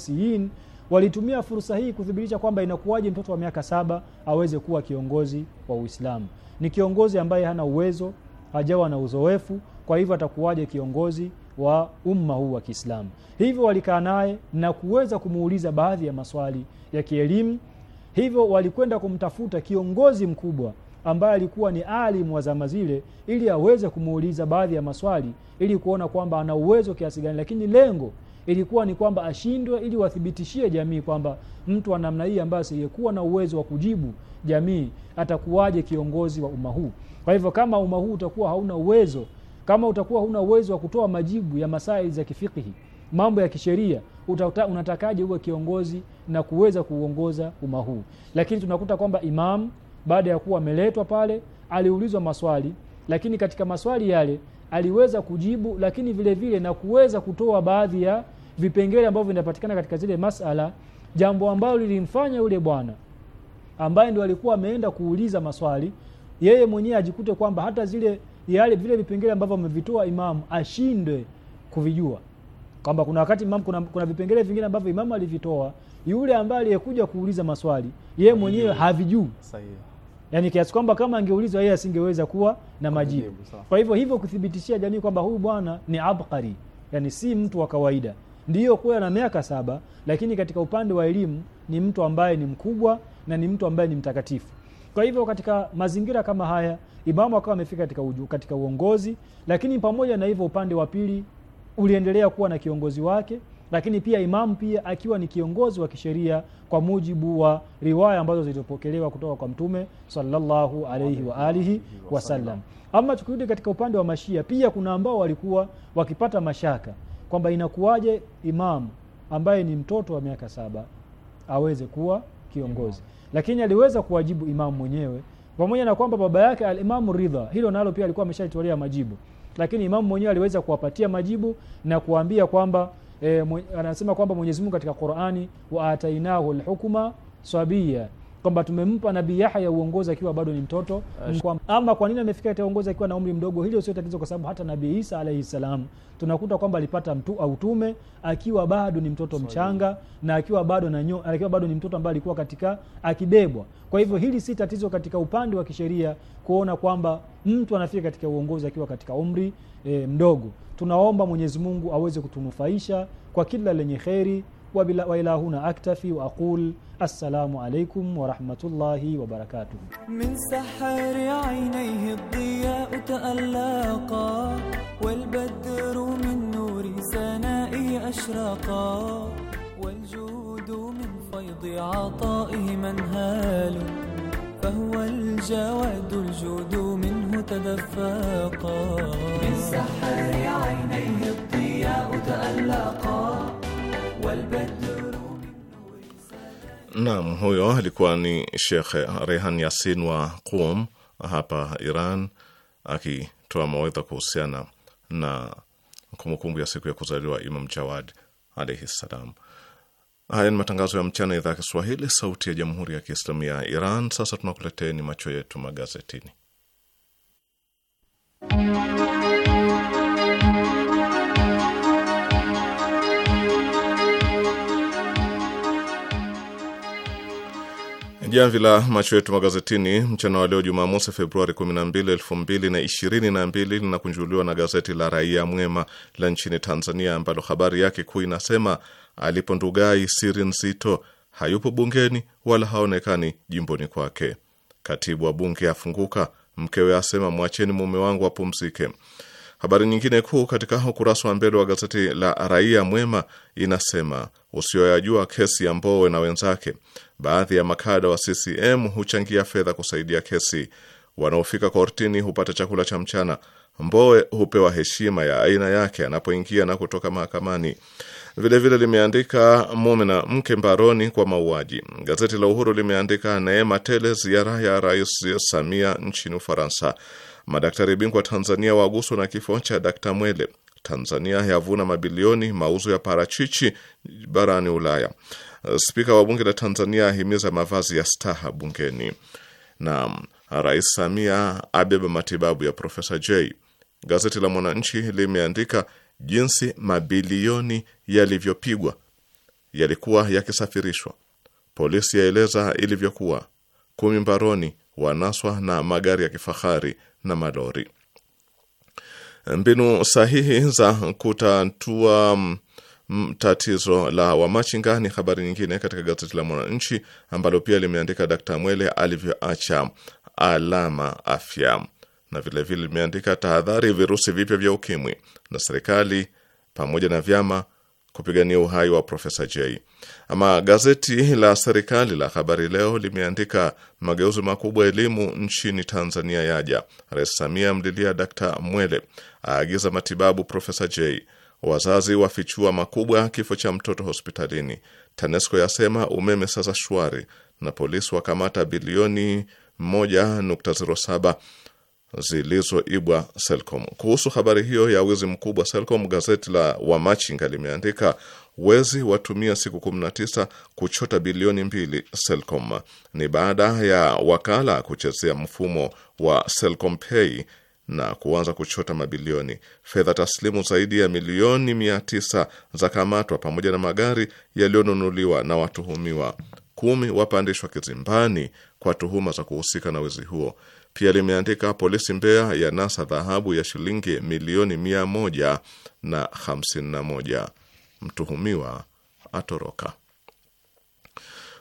[SPEAKER 6] walitumia fursa hii kuthibitisha kwamba inakuwaje mtoto wa miaka saba aweze kuwa kiongozi wa Uislamu ni kiongozi ambaye hana uwezo hajawa na uzoefu kwa hivyo atakuwaje kiongozi wa umma huu wa Kiislamu. Hivyo walikaa naye na kuweza kumuuliza baadhi ya maswali ya kielimu. Hivyo walikwenda kumtafuta kiongozi mkubwa ambaye alikuwa ni alimu wa zama zile, ili aweze kumuuliza baadhi ya maswali ili kuona kwamba ana uwezo kiasi gani, lakini lengo ilikuwa ni kwamba ashindwe, ili wathibitishie jamii kwamba mtu wa namna hii ambaye asiyekuwa na uwezo wa kujibu jamii atakuwaje kiongozi wa umma huu? Kwa hivyo kama umma huu utakuwa hauna uwezo kama utakuwa huna uwezo wa kutoa majibu ya masaili za kifikihi mambo ya kisheria unatakaje uwe kiongozi na kuweza kuuongoza umma huu lakini tunakuta kwamba imam baada ya kuwa ameletwa pale aliulizwa maswali lakini katika maswali yale aliweza kujibu lakini vile vile na kuweza kutoa baadhi ya vipengele ambavyo vinapatikana katika zile masala jambo ambalo lilimfanya yule bwana ambaye ndio alikuwa ameenda kuuliza maswali yeye mwenyewe ajikute kwamba hata zile yale vile vipengele ambavyo amevitoa imamu ashindwe kuvijua kwamba kuna wakati imamu, kuna, kuna vipengele vingine ambavyo imamu alivitoa yule ambaye aliyekuja kuuliza maswali yeye mwenyewe havijui yaani kiasi kwamba kama angeulizwa yeye asingeweza kuwa na majibu kwa hivyo hivyo kuthibitishia jamii kwamba huyu bwana ni abkari yani si mtu wa kawaida ndiyo kuwa na miaka saba lakini katika upande wa elimu ni mtu ambaye ni mkubwa na ni mtu ambaye ni mtakatifu kwa hivyo katika mazingira kama haya Imamu akawa amefika katika, katika uongozi, lakini pamoja na hivyo upande wa pili uliendelea kuwa na kiongozi wake, lakini pia imamu pia akiwa ni kiongozi wa kisheria kwa mujibu wa riwaya ambazo zilizopokelewa kutoka kwa Mtume sallallahu alaihi wa alihi wasallam. Ama tukirudi katika upande wa Mashia, pia kuna ambao walikuwa wakipata mashaka kwamba inakuwaje imamu ambaye ni mtoto wa miaka saba aweze kuwa kiongozi, lakini aliweza kuwajibu imamu mwenyewe pamoja na kwamba baba yake alimamu Ridha hilo nalo pia alikuwa ameshaitolea majibu lakini imamu mwenyewe aliweza kuwapatia majibu na kuambia kwamba e, anasema kwamba Mwenyezi Mungu katika Qur'ani wa atainahu alhukma sabiya kwamba tumempa Nabii Yahya uongozi akiwa bado ni mtoto kwa, ama kwa nini amefika katika uongozi akiwa na umri mdogo? Hilo sio tatizo, kwa sababu hata Nabii Isa alaihi salam tunakuta kwamba alipata mtu autume akiwa bado ni mtoto mchanga na akiwa bado na nyo, akiwa bado ni mtoto ambaye alikuwa katika akibebwa. Kwa hivyo hili si tatizo katika upande wa kisheria kuona kwamba mtu anafika katika uongozi akiwa katika umri e, mdogo. Tunaomba Mwenyezi Mungu aweze kutunufaisha kwa kila lenye kheri. وإلى هنا أكتفي وأقول السلام عليكم ورحمة الله وبركاته
[SPEAKER 1] من سحر عينيه الضياء تألاقا والبدر من نور سنائي أشرقا والجود من فيض عطائه منهال فهو الجواد الجود منه تدفاقا من سحر عينيه الضياء
[SPEAKER 2] تألاقا
[SPEAKER 3] Naam, huyo alikuwa ni Shekh Rehan Yasin wa Qum hapa Iran akitoa mawaidha kuhusiana na kumbukumbu ya siku ya kuzaliwa Imam Jawad alaihi ssalam. Haya ni matangazo ya mchana, idhaa ya Kiswahili, sauti ya jamhuri ya kiislamu ya Iran. Sasa tunakuleteni macho yetu magazetini. Jamvi la macho yetu magazetini mchana wa leo Jumamosi, Februari 12, 2022 linakunjuliwa na gazeti la Raia Mwema la nchini Tanzania, ambalo habari yake kuu inasema alipo Ndugai siri nzito, hayupo bungeni wala haonekani jimboni kwake. Katibu wa bunge afunguka, mkewe asema mwacheni mume wangu apumzike. Habari nyingine kuu katika ukurasa wa mbele wa gazeti la Raia Mwema inasema usioyajua kesi ya Mbowe na wenzake Baadhi ya makada wa CCM huchangia fedha kusaidia kesi. Wanaofika kortini hupata chakula cha mchana. Mbowe hupewa heshima ya aina yake anapoingia na kutoka mahakamani. Vilevile limeandika mume na mke mbaroni kwa mauaji. Gazeti la Uhuru limeandika neema tele ziara ya Rais Samia nchini Ufaransa. Madaktari bingwa Tanzania waguswa na kifo cha Dkta Mwele. Tanzania yavuna mabilioni mauzo ya parachichi barani Ulaya. Eh, spika wa bunge la Tanzania ahimiza mavazi ya staha bungeni, na Rais Samia abeba matibabu ya Profesa J. Gazeti la Mwananchi limeandika jinsi mabilioni yalivyopigwa yalikuwa yakisafirishwa, polisi yaeleza ilivyokuwa, kumi mbaroni, wanaswa na magari ya kifahari na malori. Mbinu sahihi za kutatua mm, tatizo la wamachinga ni habari nyingine katika gazeti la Mwananchi ambalo pia limeandika Dkt Mwele alivyoacha alama afya, na vilevile limeandika tahadhari virusi vipya vya ukimwi, na serikali pamoja na vyama kupigania uhai wa Profesa J. Ama gazeti la serikali la Habari Leo limeandika mageuzi makubwa elimu nchini Tanzania yaja, Rais Samia mlilia Dkt Mwele aagiza matibabu Profesa J Wazazi wafichua makubwa kifo cha mtoto hospitalini. TANESCO yasema umeme sasa shwari, na polisi wakamata bilioni 1.07 zilizoibwa Selcom. Kuhusu habari hiyo ya wizi mkubwa Selcom, gazeti la Wamachinga limeandika wezi watumia siku 19 kuchota bilioni mbili Selcom. Ni baada ya wakala kuchezea mfumo wa Selcom Pay na kuanza kuchota mabilioni. Fedha taslimu zaidi ya milioni mia tisa za kamatwa pamoja na magari yaliyonunuliwa na watuhumiwa kumi wapandishwa kizimbani kwa tuhuma za kuhusika na wizi huo. Pia limeandika polisi Mbeya ya nasa dhahabu ya shilingi milioni mia moja na hamsini na moja mtuhumiwa atoroka.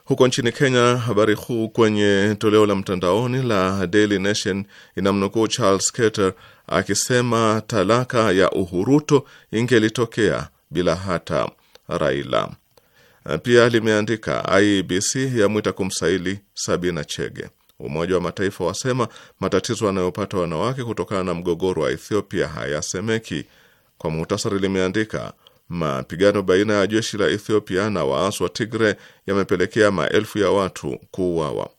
[SPEAKER 3] Huko nchini Kenya, habari kuu kwenye toleo la mtandaoni la Daily Nation inamnukuu Charles Keter akisema talaka ya Uhuruto ingelitokea bila hata Raila. Pia limeandika IEBC yamwita kumsaili Sabina Chege. Umoja wa Mataifa wasema matatizo anayopata wanawake kutokana na mgogoro wa Ethiopia hayasemeki. Kwa muhtasari, limeandika Mapigano baina ya jeshi la Ethiopia na waasi wa Tigre yamepelekea maelfu ya watu kuuawa.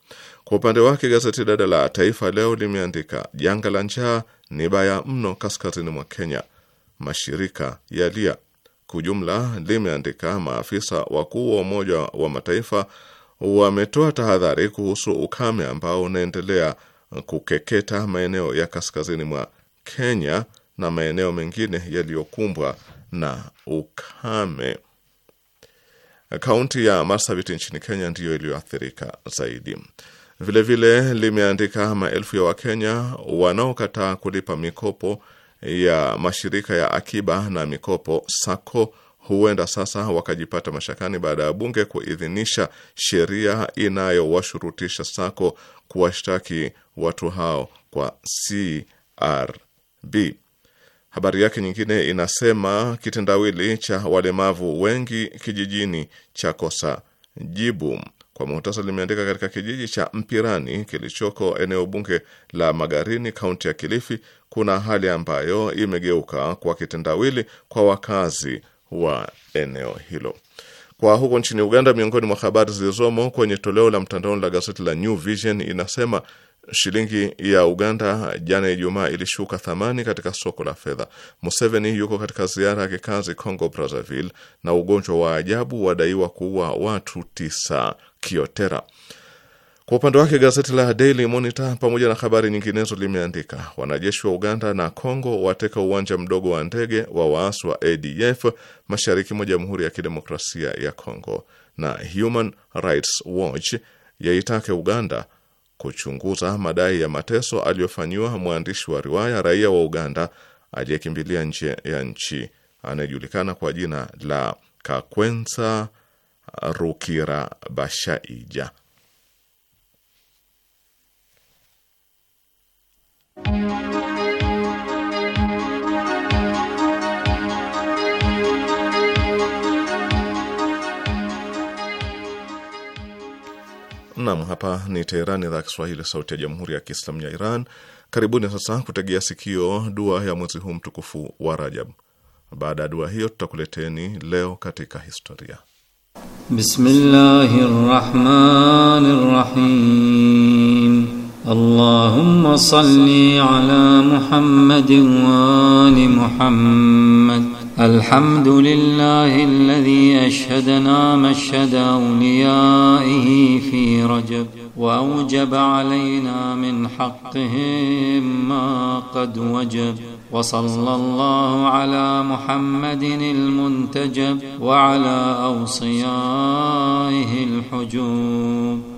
[SPEAKER 3] Kwa upande wake, gazeti dada la Taifa Leo limeandika janga la njaa ni baya mno kaskazini mwa Kenya, mashirika yalia. Kujumla limeandika maafisa wakuu wa Umoja wa Mataifa wametoa tahadhari kuhusu ukame ambao unaendelea kukeketa maeneo ya kaskazini mwa Kenya na maeneo mengine yaliyokumbwa na ukame. Kaunti ya Marsabit nchini Kenya ndiyo iliyoathirika zaidi. Vilevile limeandika maelfu ya Wakenya wanaokataa kulipa mikopo ya mashirika ya akiba na mikopo sako huenda sasa wakajipata mashakani baada ya bunge kuidhinisha sheria inayowashurutisha sako kuwashtaki watu hao kwa CRB. Habari yake nyingine inasema kitendawili cha walemavu wengi kijijini cha kosa jibu. Kwa muhtasa limeandika katika kijiji cha Mpirani kilichoko eneo bunge la Magarini, kaunti ya Kilifi, kuna hali ambayo imegeuka kwa kitendawili kwa wakazi wa eneo hilo. Kwa huko nchini Uganda, miongoni mwa habari zilizomo kwenye toleo la mtandaoni la gazeti la New Vision inasema Shilingi ya Uganda jana Ijumaa ilishuka thamani katika soko la fedha. Museveni yuko katika ziara ya kikazi Congo Brazzaville, na ugonjwa wa ajabu wadaiwa kuua watu tisa Kiotera. Kwa upande wake gazeti la Daily Monitor pamoja na habari nyinginezo limeandika wanajeshi wa Uganda na Congo wateka uwanja mdogo wa ndege wa waasi wa ADF mashariki mwa Jamhuri ya Kidemokrasia ya Congo, na Human Rights Watch yaitake Uganda kuchunguza madai ya mateso aliyofanyiwa mwandishi wa riwaya raia wa Uganda aliyekimbilia nje ya nchi anayejulikana kwa jina la Kakwensa Rukira Bashaija. Naam, hapa ni Teherani, idhaa ya Kiswahili, sauti ya jamhuri ya kiislamu ya Iran. Karibuni sasa kutegea sikio dua ya mwezi huu mtukufu wa Rajab. Baada ya dua hiyo, tutakuleteni leo katika historia.
[SPEAKER 7] Bismillahi rahmani rahim. Allahumma salli ala Muhammadin wa ali Muhammad الحمد لله الذي أشهدنا مشهد أوليائه في رجب وأوجب علينا من حقهم ما قد وجب وصلى الله على محمد المنتجب وعلى أوصيائه الحجوب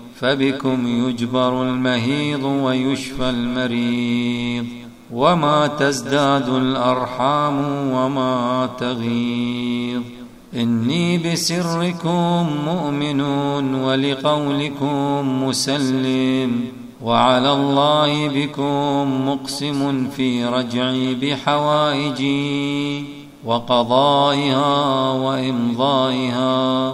[SPEAKER 7] فبكم يجبر المهيض ويشفى المريض وما تزداد الارحام وما تغيض اني بسركم مؤمن ولقولكم مسلم وعلى الله بكم مقسم في رجعي بحوائجي وقضائها وامضائها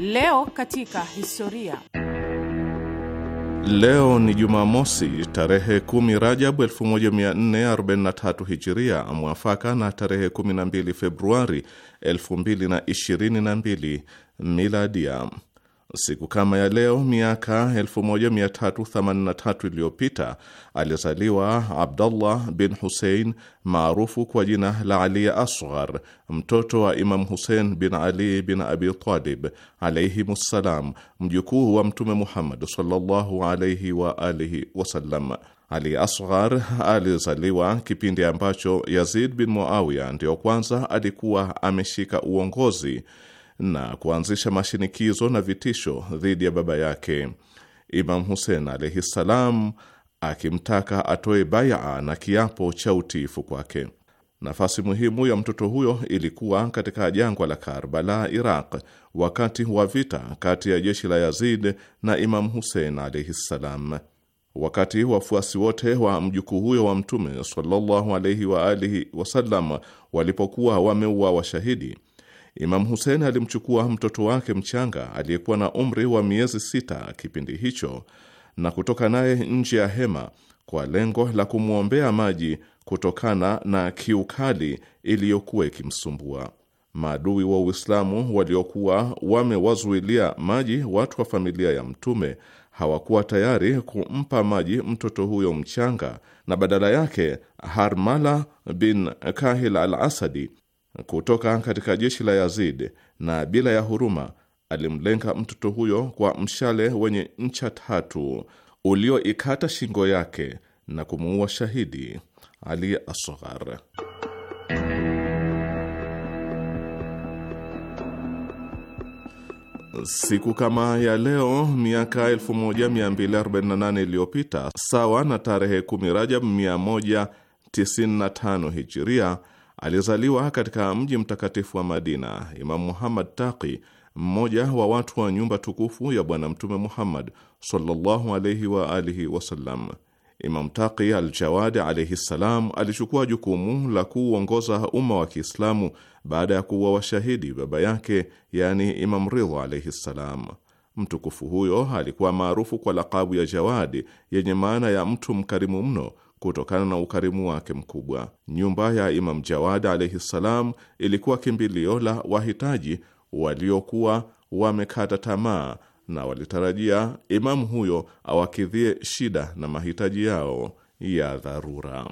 [SPEAKER 2] Leo katika historia.
[SPEAKER 3] Leo ni Jumamosi tarehe 10 Rajab 1443 Hijiria, mwafaka na tarehe 12 Februari 2022 Miladia. Siku kama ya leo miaka 1383 iliyopita alizaliwa abdullah bin husein maarufu kwa jina la Ali Asghar, mtoto wa Imam husein bin Ali bin Abi Talib ssalam, mjukuu wa Mtume Muhammad sallallahu alaihi wa alihi wasallam. Ali Asghar alizaliwa kipindi ambacho Yazid bin Muawiya ndiyo kwanza alikuwa ameshika uongozi na kuanzisha mashinikizo na vitisho dhidi ya baba yake Imam Husein alaihi ssalam, akimtaka atoe baia na kiapo cha utiifu kwake. Nafasi muhimu ya mtoto huyo ilikuwa katika jangwa la Karbala, Iraq, wakati wa vita kati ya jeshi la Yazid na Imam Husein alaihi ssalam. Wakati wafuasi wote wa mjukuu huyo wa Mtume sallallahu alaihi wa alihi wasallam walipokuwa wameua washahidi Imam husen alimchukua mtoto wake mchanga aliyekuwa na umri wa miezi sita kipindi hicho na kutoka naye nje ya hema kwa lengo la kumwombea maji kutokana na kiukali iliyokuwa ikimsumbua. Maadui wa Uislamu waliokuwa wamewazuilia maji watu wa familia ya Mtume hawakuwa tayari kumpa maji mtoto huyo mchanga, na badala yake Harmala bin Kahil al Asadi kutoka katika jeshi la Yazid, na bila ya huruma alimlenga mtoto huyo kwa mshale wenye ncha tatu ulioikata shingo yake na kumuua shahidi Ali Asghar. Siku kama ya leo miaka 1248 iliyopita, sawa na tarehe 10 Rajab 195 Hijiria Alizaliwa katika mji mtakatifu wa Madina. Imamu Muhammad Taqi, mmoja wa watu wa nyumba tukufu ya Bwana Mtume Muhammad sallallahu alayhi wa alihi wasallam. Imam Taqi al-Jawad alayhi salam alichukua jukumu la kuuongoza umma wa Kiislamu baada ya kuwa washahidi baba yake, yani Imam Ridha alayhi salam. Mtukufu huyo alikuwa maarufu kwa lakabu ya Jawadi yenye maana ya mtu mkarimu mno kutokana na ukarimu wake mkubwa. Nyumba ya Imam Jawad alaihi ssalam ilikuwa kimbilio la wahitaji waliokuwa wamekata tamaa na walitarajia imamu huyo awakidhie shida na mahitaji yao ya dharura.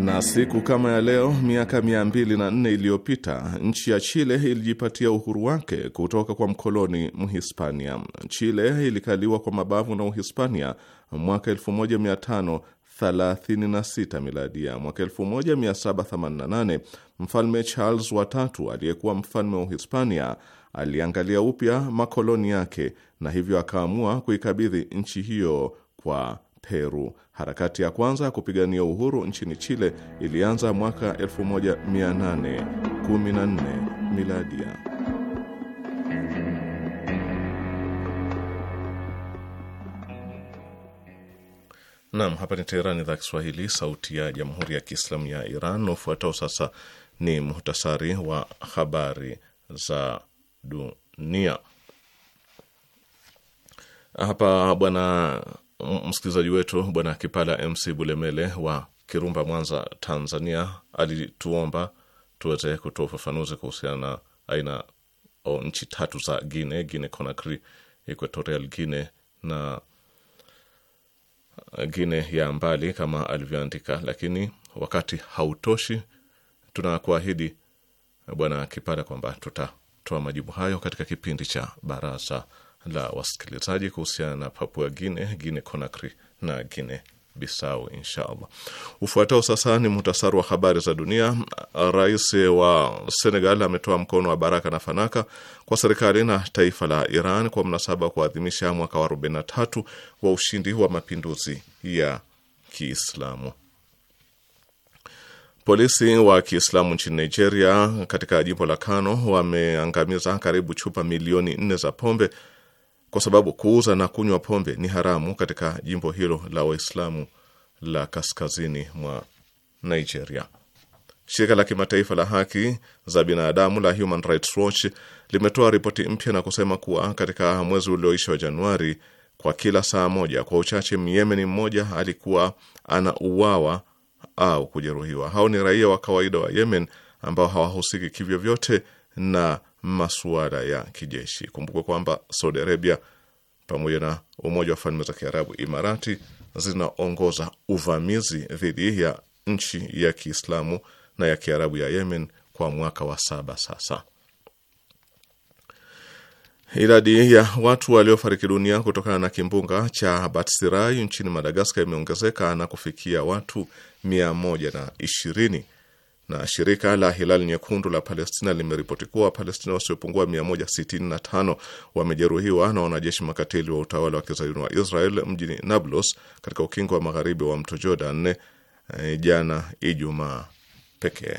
[SPEAKER 3] Na siku kama ya leo miaka nne iliyopita nchi ya Chile ilijipatia uhuru wake kutoka kwa mkoloni Mhispania. Chile ilikaliwa kwa mabavu na Uhispania mwaka 1536 miladia. Mwaka 1788 mfalme Charles watatu aliyekuwa mfalme wa Uhispania aliangalia upya makoloni yake na hivyo akaamua kuikabidhi nchi hiyo kwa Peru. Harakati ya kwanza ya kupigania uhuru nchini Chile ilianza mwaka 1814 miladia. Naam, hapa ni Teherani, idhaa Kiswahili, sauti ya jamhuri ya kiislamu ya Iran. Ufuatao sasa ni muhtasari wa habari za dunia. Hapa bwana msikilizaji wetu Bwana Kipala MC Bulemele wa Kirumba, Mwanza, Tanzania, alituomba tuweze kutoa ufafanuzi kuhusiana na aina o nchi tatu za Guine: Guine Conakry, Equatorial Guine na uh, Guine ya mbali kama alivyoandika. Lakini wakati hautoshi, tunakuahidi Bwana Kipala kwamba tutatoa majibu hayo katika kipindi cha Baraza la wasikilizaji kuhusiana na Papua Guine, Guine Conakry na Guine Bisau, Allah. Ufuatao sasa ni muhtasari wa habari za dunia. Rais wa Senegal ametoa mkono wa baraka na fanaka kwa serikali na taifa la Iran kwa mnasaba wa kuadhimisha mwaka wa 43 wa ushindi wa mapinduzi ya Kiislamu. Polisi wa Kiislamu nchini Nigeria katika jimbo la Kano wameangamiza karibu chupa milioni nne za pombe kwa sababu kuuza na kunywa pombe ni haramu katika jimbo hilo la Waislamu la kaskazini mwa Nigeria. Shirika la kimataifa la haki za binadamu la Human Rights Watch limetoa ripoti mpya na kusema kuwa katika mwezi ulioisha wa Januari, kwa kila saa moja kwa uchache myemeni mmoja alikuwa anauawa au kujeruhiwa. Hao ni raia wa kawaida wa Yemen ambao hawahusiki kivyovyote na masuala ya kijeshi. Kumbuka kwamba Saudi Arabia pamoja na Umoja wa Falme za Kiarabu, Imarati, zinaongoza uvamizi dhidi ya nchi ya Kiislamu na ya Kiarabu ya Yemen kwa mwaka wa saba sasa. Idadi ya watu waliofariki dunia kutokana na kimbunga cha Batsirai nchini Madagaskar imeongezeka na kufikia watu mia moja na ishirini na shirika la Hilali Nyekundu la Palestina limeripoti kuwa Wapalestina wasiopungua 165 wamejeruhiwa na wanajeshi makatili wa utawala wa kizayuni wa Israel mjini Nablus katika ukingo wa magharibi wa mto Jordan eh, jana Ijumaa pekee.